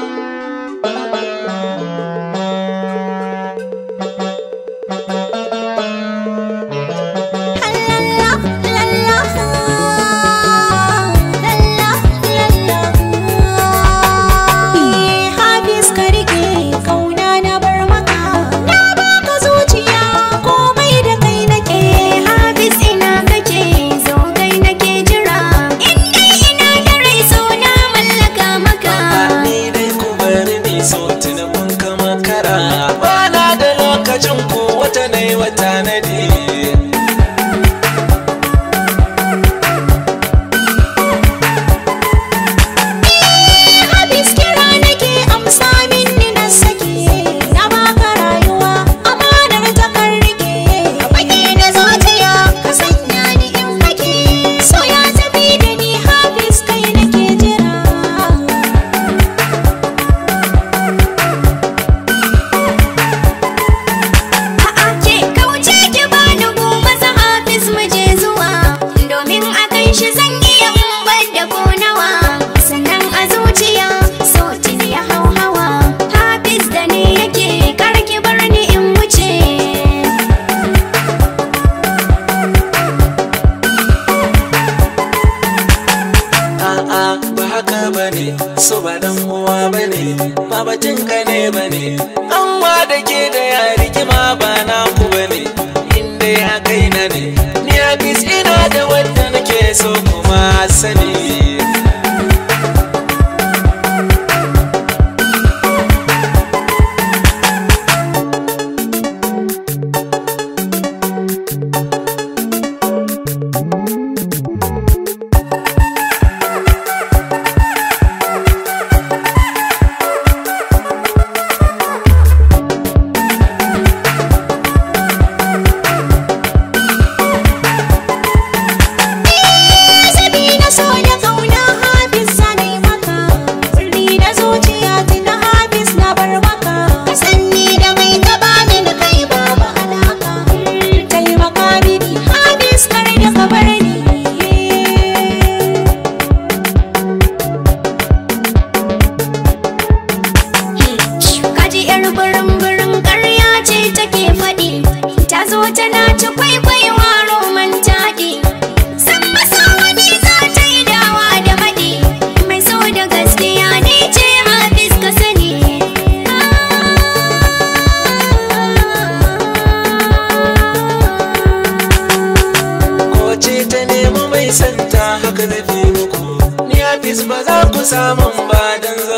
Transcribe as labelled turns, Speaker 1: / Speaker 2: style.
Speaker 1: Bye. wata ne wata na bane su ba dan uwa bane ba batun ne bane amma da ke da ya rigima ba na ku bane inda ya kai na ne ni a ina da wadda nake so kuma sani mai santa haka na fi muku ni ba za ku samun ba dan zama